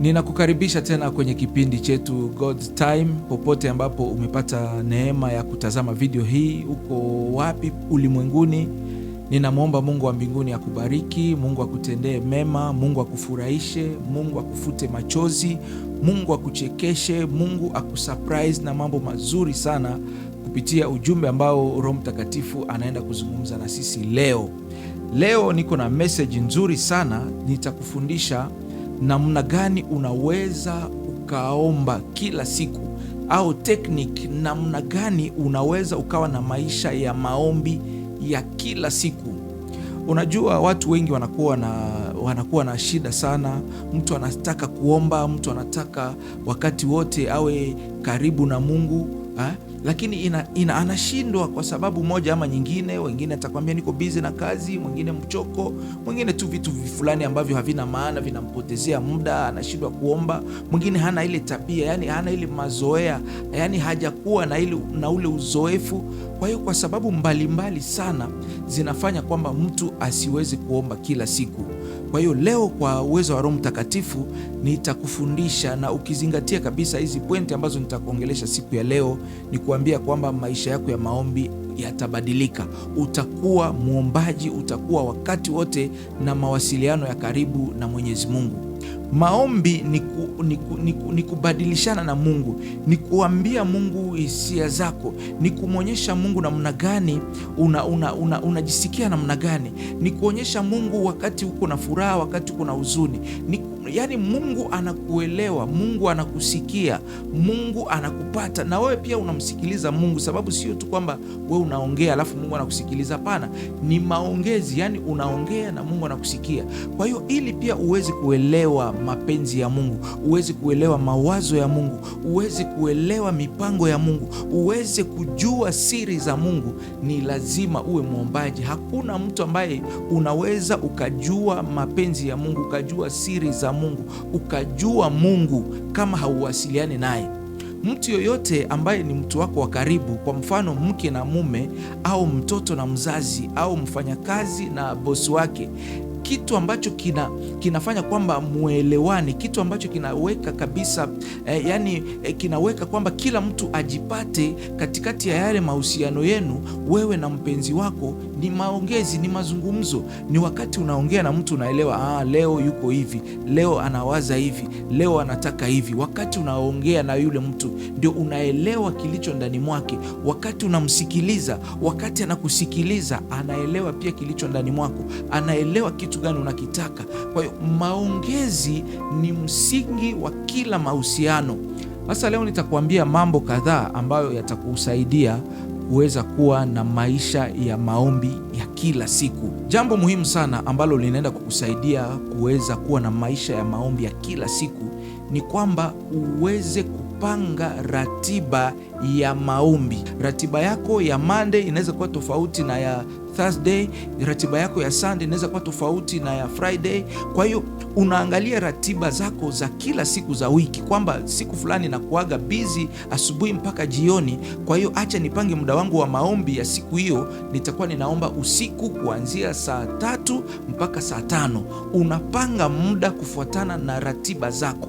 Ninakukaribisha tena kwenye kipindi chetu God's Time. Popote ambapo umepata neema ya kutazama video hii, uko wapi ulimwenguni, ninamwomba Mungu wa mbinguni akubariki, Mungu akutendee mema, Mungu akufurahishe, Mungu akufute machozi, Mungu akuchekeshe, Mungu akusurprise na mambo mazuri sana kupitia ujumbe ambao Roho Mtakatifu anaenda kuzungumza na sisi leo. Leo niko na message nzuri sana nitakufundisha namna gani unaweza ukaomba kila siku, au tekniki namna gani unaweza ukawa na maisha ya maombi ya kila siku. Unajua, watu wengi wanakuwa na wanakuwa na shida sana. Mtu anataka kuomba, mtu anataka wakati wote awe karibu na Mungu, ha? Eh? Lakini ina, ina, anashindwa kwa sababu moja ama nyingine. Wengine atakwambia niko bizi na kazi, mwingine mchoko, mwingine tu vitu fulani ambavyo havina maana vinampotezea muda, anashindwa kuomba. Mwingine hana ile tabia, yani hana ile mazoea, yani hajakuwa na ile na ule uzoefu. Kwa hiyo kwa sababu mbalimbali mbali sana zinafanya kwamba mtu asiwezi kuomba kila siku. Kwa hiyo leo kwa uwezo wa Roho Mtakatifu nitakufundisha, na ukizingatia kabisa hizi pointi ambazo nitakuongelesha siku ya leo, ni kuambia kwamba maisha yako ya maombi yatabadilika. Utakuwa mwombaji, utakuwa wakati wote na mawasiliano ya karibu na Mwenyezi Mungu. Maombi ni, ku, ni, ku, ni, ku, ni kubadilishana na Mungu, ni kuambia Mungu hisia zako, ni kumwonyesha Mungu namna gani unajisikia, una, una, una namna gani, ni kuonyesha Mungu wakati uko na furaha, wakati uko na huzuni ni yani Mungu anakuelewa, Mungu anakusikia, Mungu anakupata na wewe pia unamsikiliza Mungu, sababu sio tu kwamba wewe unaongea alafu Mungu anakusikiliza. Hapana, ni maongezi, yani unaongea na Mungu anakusikia. Kwa hiyo ili pia uweze kuelewa mapenzi ya Mungu, uweze kuelewa mawazo ya Mungu, uweze kuelewa mipango ya Mungu, uweze kujua siri za Mungu, ni lazima uwe mwombaji. Hakuna mtu ambaye unaweza ukajua mapenzi ya Mungu ukajua siri za Mungu, ukajua Mungu kama hauwasiliani naye. Mtu yoyote ambaye ni mtu wako wa karibu, kwa mfano mke na mume, au mtoto na mzazi, au mfanyakazi na bosi wake, kitu ambacho kina, kinafanya kwamba mwelewani kitu ambacho kinaweka kabisa eh, yani eh, kinaweka kwamba kila mtu ajipate katikati ya yale mahusiano yenu, wewe na mpenzi wako ni maongezi, ni mazungumzo, ni wakati unaongea na mtu unaelewa, ah, leo yuko hivi, leo anawaza hivi, leo anataka hivi. Wakati unaongea na yule mtu ndio unaelewa kilicho ndani mwake. Wakati unamsikiliza, wakati anakusikiliza, anaelewa pia kilicho ndani mwako, anaelewa kitu gani unakitaka. Kwa hiyo maongezi ni msingi wa kila mahusiano. Sasa leo nitakuambia mambo kadhaa ambayo yatakusaidia kuweza kuwa na maisha ya maombi ya kila siku. Jambo muhimu sana ambalo linaenda kukusaidia kuweza kuwa na maisha ya maombi ya kila siku ni kwamba uweze kupanga ratiba ya maombi. Ratiba yako ya Monday inaweza kuwa tofauti na ya Thursday, ratiba yako ya Sunday inaweza kuwa tofauti na ya Friday. Kwa hiyo unaangalia ratiba zako za kila siku za wiki kwamba siku fulani nakuaga bizi asubuhi mpaka jioni, kwa hiyo acha nipange muda wangu wa maombi ya siku hiyo, nitakuwa ninaomba usiku kuanzia saa tatu mpaka saa tano. Unapanga muda kufuatana na ratiba zako,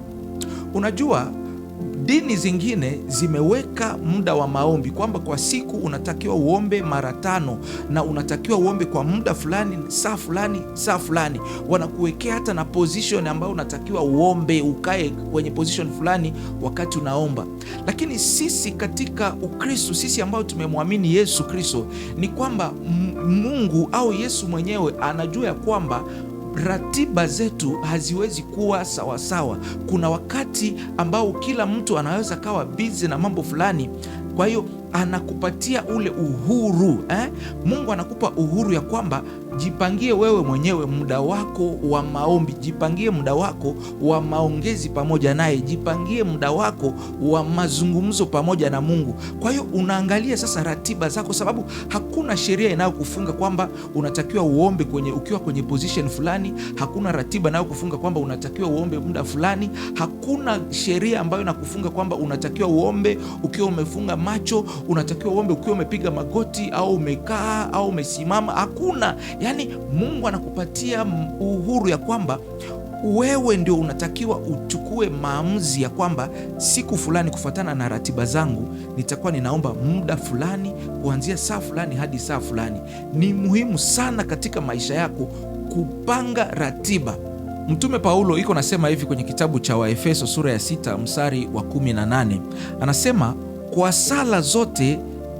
unajua Dini zingine zimeweka muda wa maombi kwamba kwa siku unatakiwa uombe mara tano na unatakiwa uombe kwa muda fulani, saa fulani, saa fulani. Wanakuwekea hata na position ambayo unatakiwa uombe, ukae kwenye position fulani wakati unaomba. Lakini sisi katika Ukristo, sisi ambao tumemwamini Yesu Kristo, ni kwamba Mungu au Yesu mwenyewe anajua ya kwamba ratiba zetu haziwezi kuwa sawasawa sawa. Kuna wakati ambao kila mtu anaweza kawa bizi na mambo fulani, kwa hiyo anakupatia ule uhuru eh? Mungu anakupa uhuru ya kwamba jipangie wewe mwenyewe muda wako wa maombi, jipangie muda wako wa maongezi pamoja naye, jipangie muda wako wa mazungumzo pamoja na Mungu. Kwa hiyo unaangalia sasa ratiba zako, sababu hakuna sheria inayokufunga kwamba unatakiwa uombe kwenye ukiwa kwenye position fulani. Hakuna ratiba inayokufunga kwamba unatakiwa uombe muda fulani. Hakuna sheria ambayo inakufunga kwamba unatakiwa uombe ukiwa umefunga macho, unatakiwa uombe ukiwa umepiga magoti au umekaa au umesimama. Hakuna. Yaani Mungu anakupatia uhuru ya kwamba wewe ndio unatakiwa uchukue maamuzi ya kwamba siku fulani, kufuatana na ratiba zangu, nitakuwa ninaomba muda fulani, kuanzia saa fulani hadi saa fulani. Ni muhimu sana katika maisha yako kupanga ratiba. Mtume Paulo iko nasema hivi kwenye kitabu cha Waefeso sura ya 6 msari wa 18, anasema kwa sala zote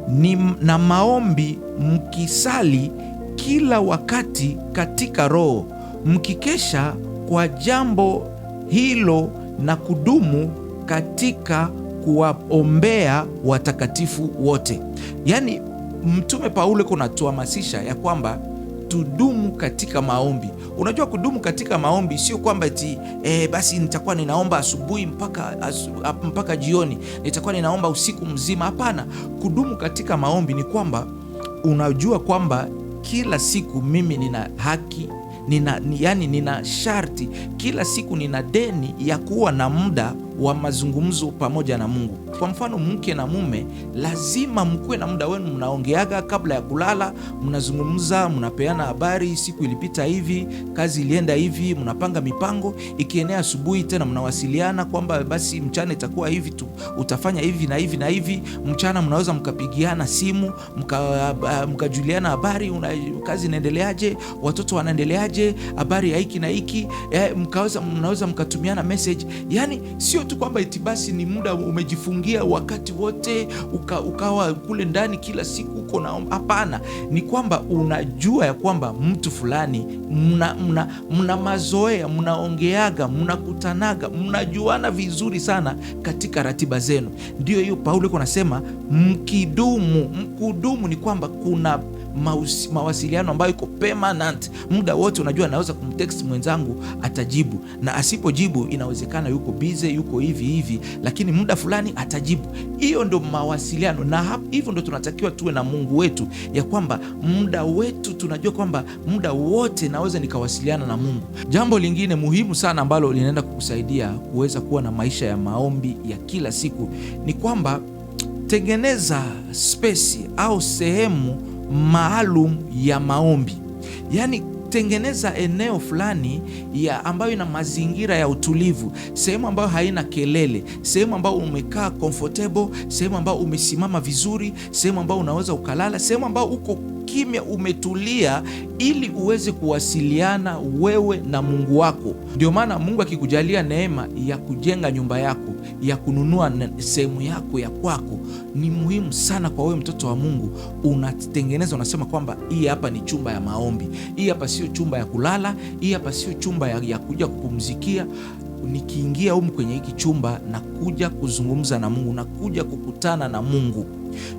ni na maombi mkisali kila wakati katika Roho, mkikesha kwa jambo hilo na kudumu katika kuwaombea watakatifu wote. Yaani, Mtume Paulo kunatuhamasisha ya kwamba tudumu katika maombi. Unajua, kudumu katika maombi sio kwamba ti e, eh, basi nitakuwa ninaomba asubuhi mpaka, asu, mpaka jioni nitakuwa ninaomba usiku mzima. Hapana, kudumu katika maombi ni kwamba unajua kwamba kila siku mimi nina haki nina, yani nina sharti kila siku nina deni ya kuwa na muda wa mazungumzo pamoja na Mungu. Kwa mfano mke na mume, lazima mkuwe na muda wenu, mnaongeaga kabla ya kulala, mnazungumza, mnapeana habari, siku ilipita hivi, kazi ilienda hivi, mnapanga mipango. Ikienea asubuhi tena mnawasiliana kwamba basi mchana itakuwa hivi tu, utafanya hivi na hivi na hivi. Mchana mnaweza mkapigiana simu, ah, ah, mkajuliana habari, una, kazi inaendeleaje, watoto wanaendeleaje, habari ya hiki na hiki, eh, mnaweza mkatumiana message. Yani sio tu kwamba itibasi ni muda umejifungia kuingia wakati wote uka, ukawa kule ndani kila siku uko na hapana. Ni kwamba unajua ya kwamba mtu fulani mna, mna, mna mazoea, mnaongeaga, mnakutanaga, mnajuana vizuri sana katika ratiba zenu. Ndio hiyo Paulo iko nasema mkidumu. Mkudumu ni kwamba kuna mausi, mawasiliano ambayo iko permanent muda wote. Unajua, naweza kumtext mwenzangu atajibu, na asipojibu inawezekana yuko busy, yuko hivi hivi, lakini muda fulani atajibu. Hiyo ndo mawasiliano, na hivyo ndo tunatakiwa tuwe na Mungu wetu, ya kwamba muda wetu tunajua kwamba muda wote naweza nikawasiliana na Mungu. Jambo lingine muhimu sana ambalo linaenda kukusaidia kuweza kuwa na maisha ya maombi ya kila siku ni kwamba tengeneza spesi au sehemu maalum ya maombi, yaani tengeneza eneo fulani ya ambayo ina mazingira ya utulivu, sehemu ambayo haina kelele, sehemu ambayo umekaa comfortable, sehemu ambayo umesimama vizuri, sehemu ambayo unaweza ukalala, sehemu ambayo uko ukimya umetulia, ili uweze kuwasiliana wewe na Mungu wako. Ndio maana Mungu akikujalia neema ya kujenga nyumba yako, ya kununua sehemu yako ya kwako, ni muhimu sana kwa wewe mtoto wa Mungu. Unatengeneza, unasema kwamba hii hapa ni chumba ya maombi, hii hapa sio chumba ya kulala, hii hapa sio chumba ya, ya kuja kupumzikia nikiingia humu kwenye hiki chumba na kuja kuzungumza na Mungu na kuja kukutana na Mungu.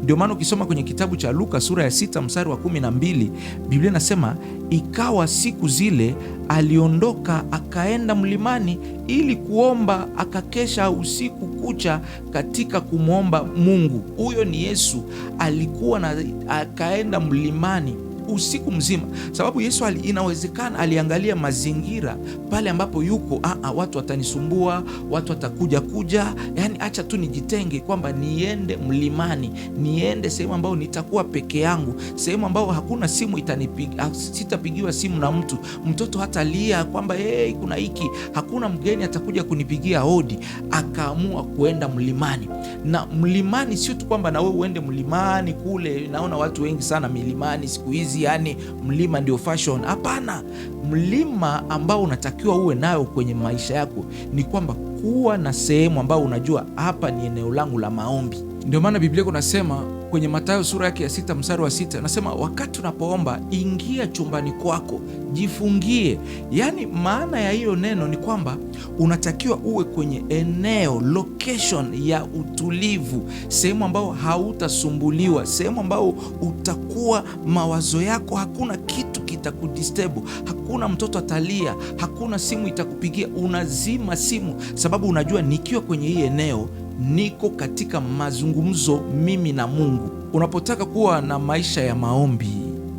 Ndio maana ukisoma kwenye kitabu cha Luka sura ya sita mstari wa kumi na mbili Biblia inasema ikawa siku zile aliondoka akaenda mlimani ili kuomba, akakesha usiku kucha katika kumwomba Mungu. Huyo ni Yesu, alikuwa na akaenda mlimani usiku mzima, sababu Yesu ali, inawezekana aliangalia mazingira pale ambapo yuko aa, ah, ah, watu watanisumbua, watu watakuja kuja, yani acha tu nijitenge, kwamba niende mlimani, niende sehemu ambayo nitakuwa peke yangu, sehemu ambayo hakuna simu itanipiga, ah, sitapigiwa simu na mtu, mtoto hata lia kwamba hey, kuna hiki, hakuna mgeni atakuja kunipigia hodi. Akaamua kuenda mlimani, na mlimani sio tu kwamba na wewe uende mlimani kule, naona watu wengi sana milimani siku hizi hizi, yaani mlima ndio fashion. Hapana, mlima ambao unatakiwa uwe nayo kwenye maisha yako ni kwamba kuwa na sehemu ambayo unajua hapa ni eneo langu la maombi. Ndio maana Biblia kunasema kwenye Mathayo sura yake ya sita mstari wa sita anasema, wakati unapoomba ingia chumbani kwako jifungie. Yaani, maana ya hiyo neno ni kwamba unatakiwa uwe kwenye eneo location ya utulivu, sehemu ambayo hautasumbuliwa, sehemu ambayo utakuwa mawazo yako, hakuna kitu kitakudistebu, hakuna mtoto atalia, hakuna simu itakupigia. Unazima simu, sababu unajua nikiwa kwenye hii eneo niko katika mazungumzo mimi na Mungu. Unapotaka kuwa na maisha ya maombi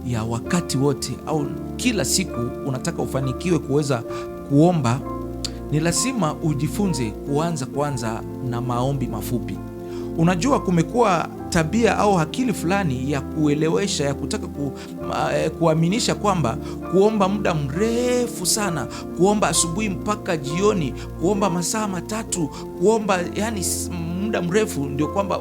ya wakati wote au kila siku, unataka ufanikiwe kuweza kuomba, ni lazima ujifunze kuanza kwanza na maombi mafupi. Unajua, kumekuwa tabia au akili fulani ya kuelewesha ya kutaka ku, uh, kuaminisha kwamba kuomba muda mrefu sana, kuomba asubuhi mpaka jioni, kuomba masaa matatu, kuomba yani muda mrefu ndio kwamba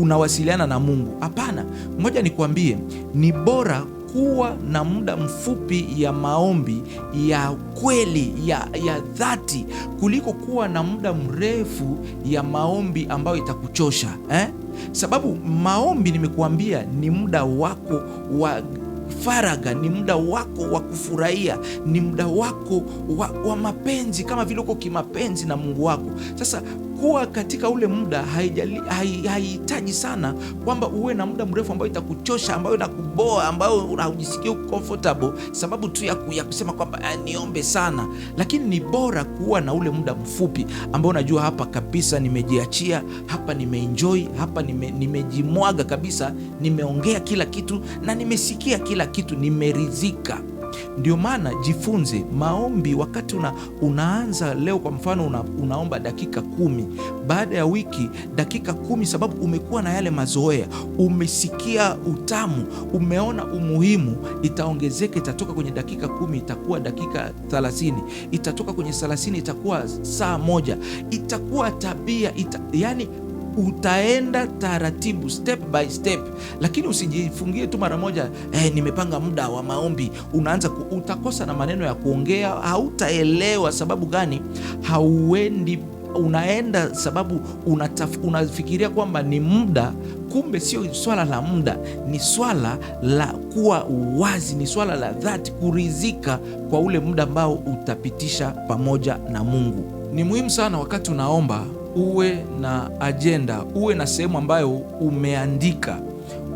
unawasiliana una na Mungu. Hapana, moja nikuambie, ni bora kuwa na muda mfupi ya maombi ya kweli ya, ya dhati kuliko kuwa na muda mrefu ya maombi ambayo itakuchosha eh? Sababu maombi nimekuambia ni muda wako wa faraga ni muda wako wa kufurahia, ni muda wako wa, wa mapenzi, kama vile uko kimapenzi na Mungu wako. Sasa kuwa katika ule muda haihitaji sana kwamba uwe na muda mrefu ambayo itakuchosha, ambayo inakuboa, ambayo haujisikii comfortable sababu tu ya kusema kwamba ah, niombe sana, lakini ni bora kuwa na ule muda mfupi ambao unajua hapa kabisa nimejiachia, hapa nimeenjoi hapa nime, nimejimwaga kabisa, nimeongea kila kitu na nimesikia kila kitu, nimeridhika. Ndio maana jifunze maombi wakati una, unaanza leo. Kwa mfano una, unaomba dakika kumi, baada ya wiki dakika kumi, sababu umekuwa na yale mazoea, umesikia utamu, umeona umuhimu, itaongezeka, itatoka kwenye dakika kumi itakuwa dakika thalathini itatoka kwenye thelathini itakuwa saa moja, itakuwa tabia ita, yani utaenda taratibu, step by step, lakini usijifungie tu mara moja. Eh, nimepanga muda wa maombi, unaanza ku, utakosa na maneno ya kuongea, hautaelewa sababu gani hauendi unaenda sababu unataf, unafikiria kwamba ni muda, kumbe sio swala la muda, ni swala la kuwa wazi, ni swala la dhati, kuridhika kwa ule muda ambao utapitisha pamoja na Mungu. Ni muhimu sana wakati unaomba uwe na ajenda, uwe na sehemu ambayo umeandika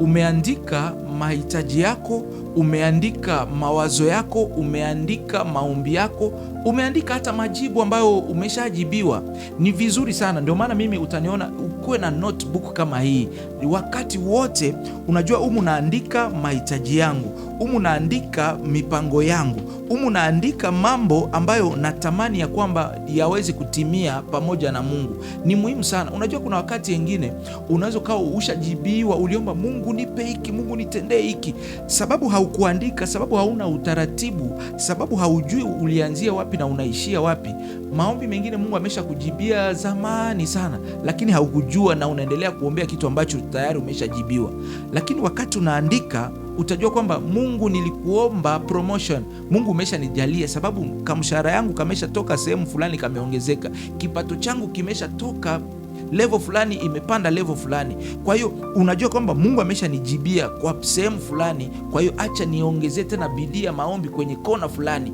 umeandika mahitaji yako, umeandika mawazo yako, umeandika maombi yako, umeandika hata majibu ambayo umeshajibiwa. Ni vizuri sana, ndio maana mimi utaniona ukuwe na notebook kama hii wakati wote. Unajua, humu naandika mahitaji yangu humu naandika mipango yangu, humu naandika mambo ambayo natamani ya kwamba yawezi kutimia pamoja na Mungu. Ni muhimu sana. Unajua, kuna wakati wengine unaweza ukawa ushajibiwa, uliomba Mungu nipe hiki, Mungu nitendee hiki, sababu haukuandika, sababu hauna utaratibu, sababu haujui ulianzia wapi na unaishia wapi. Maombi mengine Mungu amesha kujibia zamani sana, lakini haukujua na unaendelea kuombea kitu ambacho tayari umeshajibiwa. Lakini wakati unaandika utajua kwamba Mungu, nilikuomba promotion, Mungu umeshanijalia, sababu kamshahara yangu kameshatoka sehemu fulani, kameongezeka, kipato changu kimeshatoka levo fulani imepanda levo fulani. Kwa hiyo unajua kwamba Mungu ameshanijibia kwa sehemu fulani, kwa hiyo acha niongezee tena bidii ya maombi kwenye kona fulani.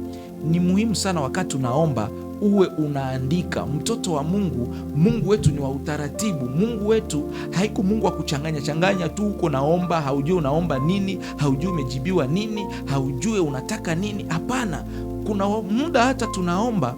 Ni muhimu sana wakati unaomba uwe unaandika. Mtoto wa Mungu, Mungu wetu ni wa utaratibu. Mungu wetu haiko Mungu wa kuchanganya changanya tu, huko naomba, haujui unaomba nini, haujui umejibiwa nini, haujui unataka nini. Hapana, kuna muda hata tunaomba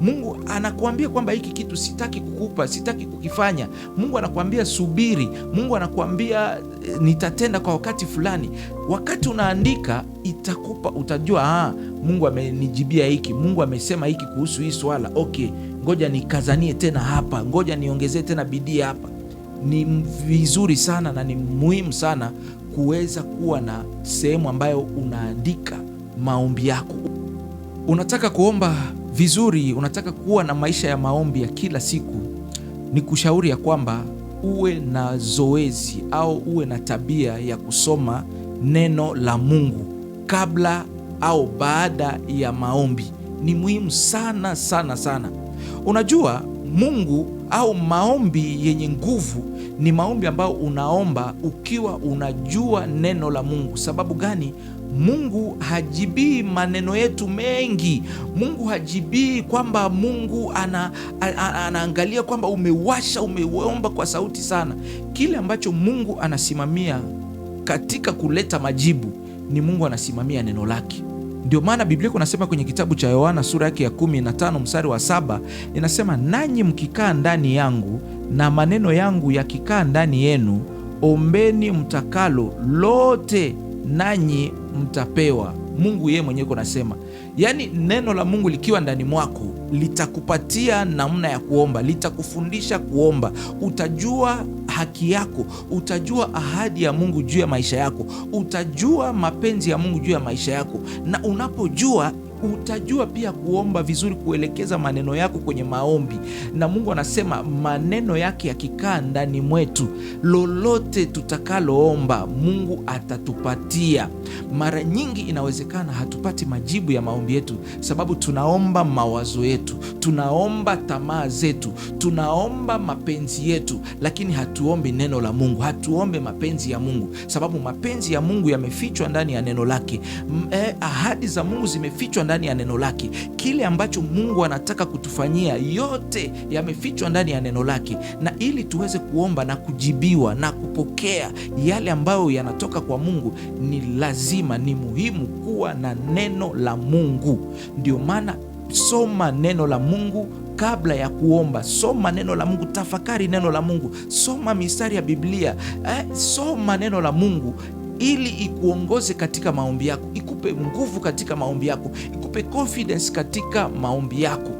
Mungu anakuambia kwamba hiki kitu sitaki kukupa, sitaki kukifanya. Mungu anakuambia subiri. Mungu anakuambia eh, nitatenda kwa wakati fulani. Wakati unaandika itakupa, utajua ah, Mungu amenijibia hiki, Mungu amesema hiki kuhusu hii swala. Okay, ngoja nikazanie tena hapa, ngoja niongezee tena bidii hapa. Ni vizuri sana na ni muhimu sana kuweza kuwa na sehemu ambayo unaandika maombi yako. Unataka kuomba vizuri, unataka kuwa na maisha ya maombi ya kila siku, ni kushauri ya kwamba uwe na zoezi au uwe na tabia ya kusoma neno la Mungu kabla au baada ya maombi. Ni muhimu sana sana sana. Unajua Mungu au maombi yenye nguvu ni maombi ambayo unaomba ukiwa unajua neno la Mungu. Sababu gani? Mungu hajibii maneno yetu mengi. Mungu hajibii kwamba Mungu ana, ana, anaangalia kwamba umewasha umeomba kwa sauti sana. Kile ambacho Mungu anasimamia katika kuleta majibu ni Mungu anasimamia neno lake. Ndio maana Biblia kunasema kwenye kitabu cha Yohana sura yake ya 15 mstari wa saba inasema, nanyi mkikaa ndani yangu na maneno yangu yakikaa ndani yenu, ombeni mtakalo lote, nanyi mtapewa. Mungu yeye mwenyewe kunasema, yaani neno la Mungu likiwa ndani mwako litakupatia namna ya kuomba, litakufundisha kuomba, utajua haki yako, utajua ahadi ya Mungu juu ya maisha yako, utajua mapenzi ya Mungu juu ya maisha yako, na unapojua utajua pia kuomba vizuri, kuelekeza maneno yako kwenye maombi. Na Mungu anasema maneno yake yakikaa ndani mwetu, lolote tutakaloomba Mungu atatupatia. Mara nyingi inawezekana hatupati majibu ya maombi yetu, sababu tunaomba mawazo yetu, tunaomba tamaa zetu, tunaomba mapenzi yetu, lakini hatuombi neno la Mungu, hatuombe mapenzi ya Mungu, sababu mapenzi ya Mungu yamefichwa ndani ya neno lake. Eh, ahadi za Mungu zimefichwa ndani ndani ya neno lake. Kile ambacho Mungu anataka kutufanyia, yote yamefichwa ndani ya neno lake, na ili tuweze kuomba na kujibiwa na kupokea yale ambayo yanatoka kwa Mungu, ni lazima, ni muhimu kuwa na neno la Mungu. Ndio maana soma neno la Mungu kabla ya kuomba, soma neno la Mungu, tafakari neno la Mungu, soma mistari ya Biblia eh, soma neno la Mungu ili ikuongoze katika maombi yako ikupe nguvu katika maombi yako, ikupe confidence katika maombi yako.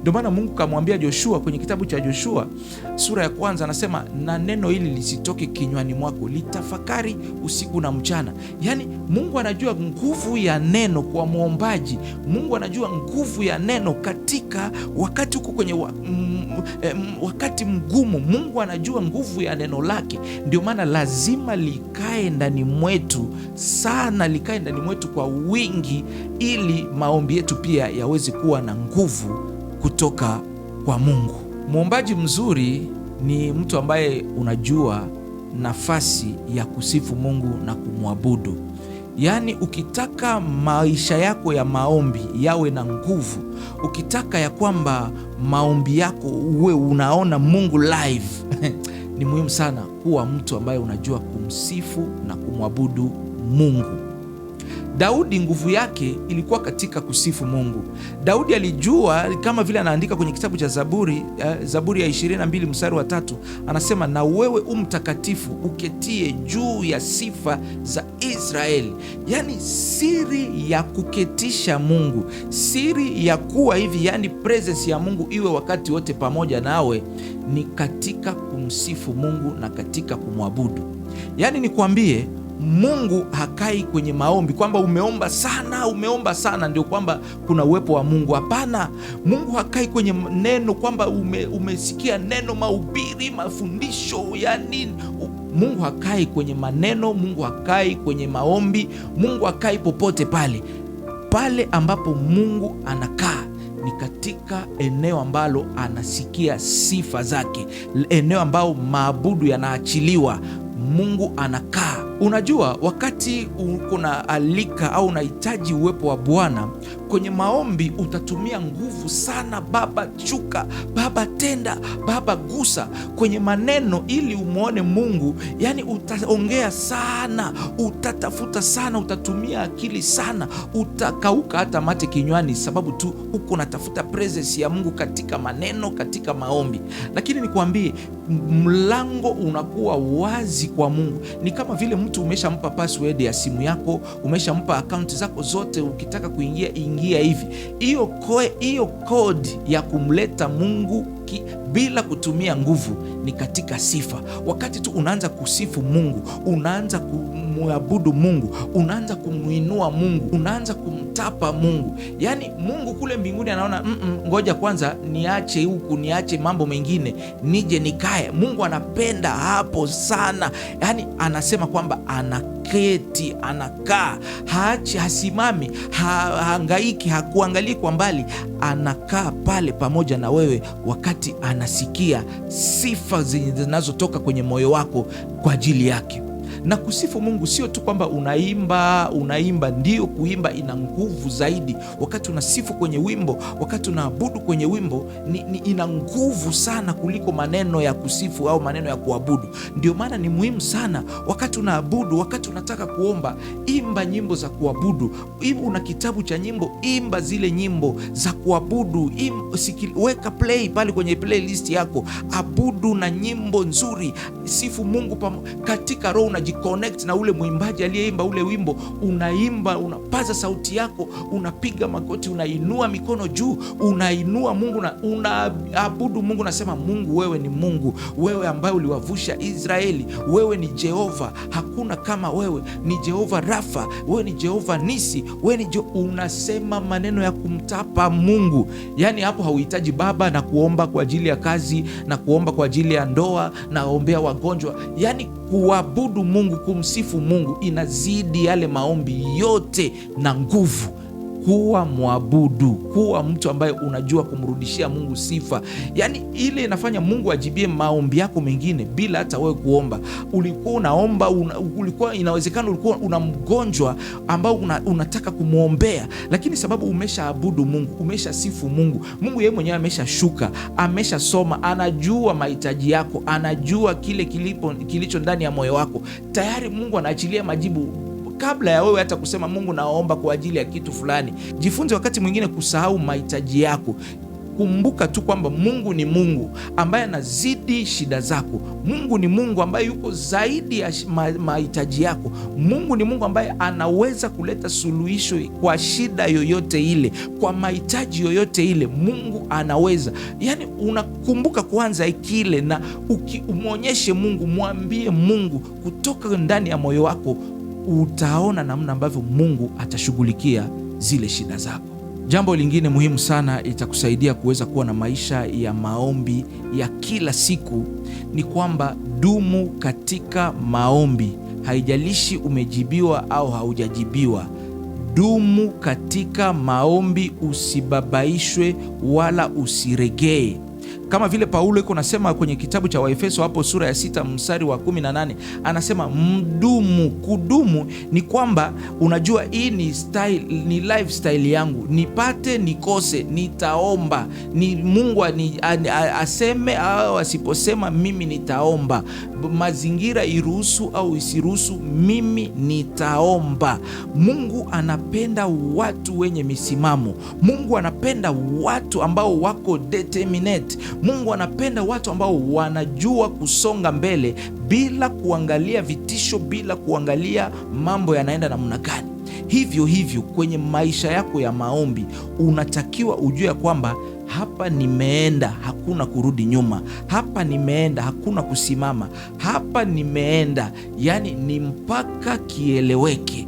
Ndio maana Mungu kamwambia Joshua kwenye kitabu cha Joshua sura ya kwanza, anasema na neno hili lisitoke kinywani mwako, litafakari usiku na mchana. Yaani Mungu anajua nguvu ya neno kwa mwombaji. Mungu anajua nguvu ya neno katika wakati huko kwenye wa, m, eh, m, wakati mgumu, Mungu anajua nguvu ya neno lake. Ndio maana lazima likae ndani mwetu sana, likae ndani mwetu kwa wingi, ili maombi yetu pia yaweze kuwa na nguvu kutoka kwa Mungu. Mwombaji mzuri ni mtu ambaye unajua nafasi ya kusifu Mungu na kumwabudu. Yaani, ukitaka maisha yako ya maombi yawe na nguvu, ukitaka ya kwamba maombi yako uwe unaona Mungu live ni muhimu sana kuwa mtu ambaye unajua kumsifu na kumwabudu Mungu. Daudi nguvu yake ilikuwa katika kusifu Mungu. Daudi alijua kama vile anaandika kwenye kitabu cha Zaburi, eh, Zaburi ya 22 mstari wa tatu, anasema na wewe umtakatifu uketie juu ya sifa za Israeli. Yaani siri ya kuketisha Mungu, siri ya kuwa hivi, yani presence ya Mungu iwe wakati wote pamoja nawe ni katika kumsifu Mungu na katika kumwabudu. Yaani nikuambie Mungu hakai kwenye maombi kwamba umeomba sana, umeomba sana ndio kwamba kuna uwepo wa Mungu. Hapana, Mungu hakai kwenye neno kwamba ume, umesikia neno, mahubiri, mafundisho ya nini. Mungu hakai kwenye maneno, Mungu hakai kwenye maombi, Mungu hakai popote pale. Pale ambapo Mungu anakaa ni katika eneo ambalo anasikia sifa zake, eneo ambao maabudu yanaachiliwa. Mungu anakaa Unajua, wakati kuna alika au unahitaji uwepo wa Bwana kwenye maombi, utatumia nguvu sana. Baba chuka, Baba tenda, Baba gusa kwenye maneno ili umwone Mungu. Yani utaongea sana, utatafuta sana, utatumia akili sana, utakauka hata mate kinywani, sababu tu huko unatafuta presence ya Mungu katika maneno, katika maombi. Lakini nikuambie, mlango unakuwa wazi kwa Mungu, ni kama vile mtu umeshampa password ya simu yako, umeshampa akaunti zako zote, ukitaka kuingia ingia hivi. Hiyo hiyo kodi ya kumleta Mungu ki, bila kutumia nguvu ni katika sifa. Wakati tu unaanza kusifu Mungu unaanza ku kumuabudu Mungu, unaanza kumuinua Mungu, unaanza kumtapa Mungu. Yaani Mungu kule mbinguni anaona mm -mm, ngoja kwanza niache huku, niache mambo mengine, nije nikae. Mungu anapenda hapo sana, yaani anasema kwamba anaketi, anakaa, haachi, hasimami, hahangaiki, hakuangalii kwa mbali, anakaa pale pamoja na wewe, wakati anasikia sifa zinazotoka kwenye moyo wako kwa ajili yake. Na kusifu Mungu sio tu kwamba unaimba unaimba, ndio kuimba ina nguvu zaidi. Wakati unasifu kwenye wimbo, wakati unaabudu kwenye wimbo ni, ni ina nguvu sana kuliko maneno ya kusifu au maneno ya kuabudu. Ndio maana ni muhimu sana wakati unaabudu, wakati unataka kuomba, imba nyimbo za kuabudu. Iwe una kitabu cha nyimbo, imba zile nyimbo za kuabudu. weka play pale kwenye playlist yako, abudu na nyimbo nzuri, sifu Mungu pamoja katika roho na unajiconnect na ule mwimbaji aliyeimba ule wimbo, unaimba, unapaza sauti yako, unapiga magoti, unainua mikono juu, unainua Mungu na unaabudu Mungu. Nasema Mungu, wewe ni Mungu, wewe ambaye uliwavusha Israeli, wewe ni Jehova, hakuna kama wewe, ni Jehova Rafa, wewe ni Jehova Nisi, wewe ni Je Unasema maneno ya kumtapa Mungu. Yani hapo hauhitaji baba na kuomba kwa ajili ya kazi na kuomba kwa ajili ya ndoa na ombea wagonjwa, yani kuabudu Mungu, kumsifu Mungu inazidi yale maombi yote na nguvu kuwa mwabudu, kuwa mtu ambaye unajua kumrudishia Mungu sifa. Yaani ile inafanya Mungu ajibie maombi yako mengine bila hata wewe kuomba. Ulikuwa unaomba una, ulikuwa inawezekana ulikuwa una mgonjwa ambao una, unataka kumwombea, lakini sababu umeshaabudu Mungu, umeshasifu Mungu, Mungu yeye mwenyewe ameshashuka, ameshasoma, anajua mahitaji yako, anajua kile kilipo, kilicho ndani ya moyo wako tayari. Mungu anaachilia majibu kabla ya wewe hata kusema Mungu naomba kwa ajili ya kitu fulani, jifunze wakati mwingine kusahau mahitaji yako. Kumbuka tu kwamba Mungu ni Mungu ambaye anazidi shida zako. Mungu ni Mungu ambaye yuko zaidi ya mahitaji yako. Mungu ni Mungu ambaye anaweza kuleta suluhisho kwa shida yoyote ile, kwa mahitaji yoyote ile. Mungu anaweza. yani unakumbuka kwanza kile, na ukimwonyeshe Mungu, mwambie Mungu kutoka ndani ya moyo wako utaona namna ambavyo Mungu atashughulikia zile shida zako. Jambo lingine muhimu sana itakusaidia kuweza kuwa na maisha ya maombi ya kila siku ni kwamba dumu katika maombi. Haijalishi umejibiwa au haujajibiwa, dumu katika maombi, usibabaishwe wala usiregee kama vile Paulo iko nasema kwenye kitabu cha Waefeso hapo sura ya sita mstari wa 18 anasema mdumu. Kudumu ni kwamba unajua hii ni style, ni lifestyle yangu, nipate nikose, nitaomba ni Mungu ni, aseme au asiposema, mimi nitaomba. Mazingira iruhusu au isiruhusu, mimi nitaomba. Mungu anapenda watu wenye misimamo. Mungu anapenda watu ambao wako determinate. Mungu anapenda watu ambao wanajua kusonga mbele bila kuangalia vitisho, bila kuangalia mambo yanaenda namna gani. Hivyo hivyo kwenye maisha yako ya maombi unatakiwa ujue ya kwamba hapa nimeenda, hakuna kurudi nyuma. Hapa nimeenda, hakuna kusimama. Hapa nimeenda, yani ni mpaka kieleweke.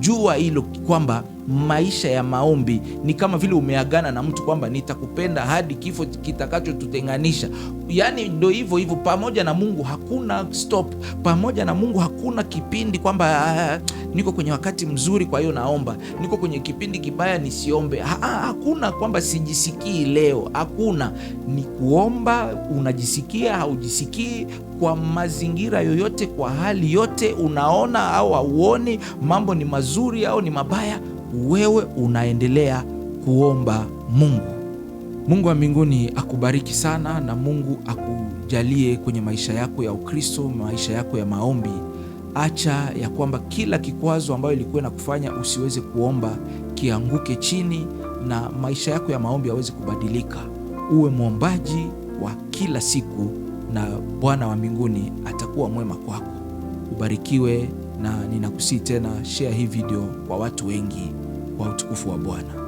Jua hilo kwamba maisha ya maombi ni kama vile umeagana na mtu kwamba nitakupenda hadi kifo kitakachotutenganisha. Yaani ndo hivyo hivyo, pamoja na Mungu hakuna stop, pamoja na Mungu hakuna kipindi kwamba ah, ah, ah, niko kwenye wakati mzuri, kwa hiyo naomba, niko kwenye kipindi kibaya nisiombe. ha, hakuna kwamba sijisikii leo, hakuna. Ni kuomba, unajisikia haujisikii, kwa mazingira yoyote, kwa hali yote, unaona au hauoni, mambo ni mazuri au ni mabaya wewe unaendelea kuomba Mungu. Mungu wa mbinguni akubariki sana na Mungu akujalie kwenye maisha yako ya Ukristo, maisha yako ya maombi. Acha ya kwamba kila kikwazo ambayo ilikuwa na kufanya usiweze kuomba kianguke chini na maisha yako ya maombi yaweze kubadilika. Uwe mwombaji wa kila siku na Bwana wa mbinguni atakuwa mwema kwako. Ubarikiwe na ninakusii tena, share hii video kwa watu wengi wa utukufu wa Bwana.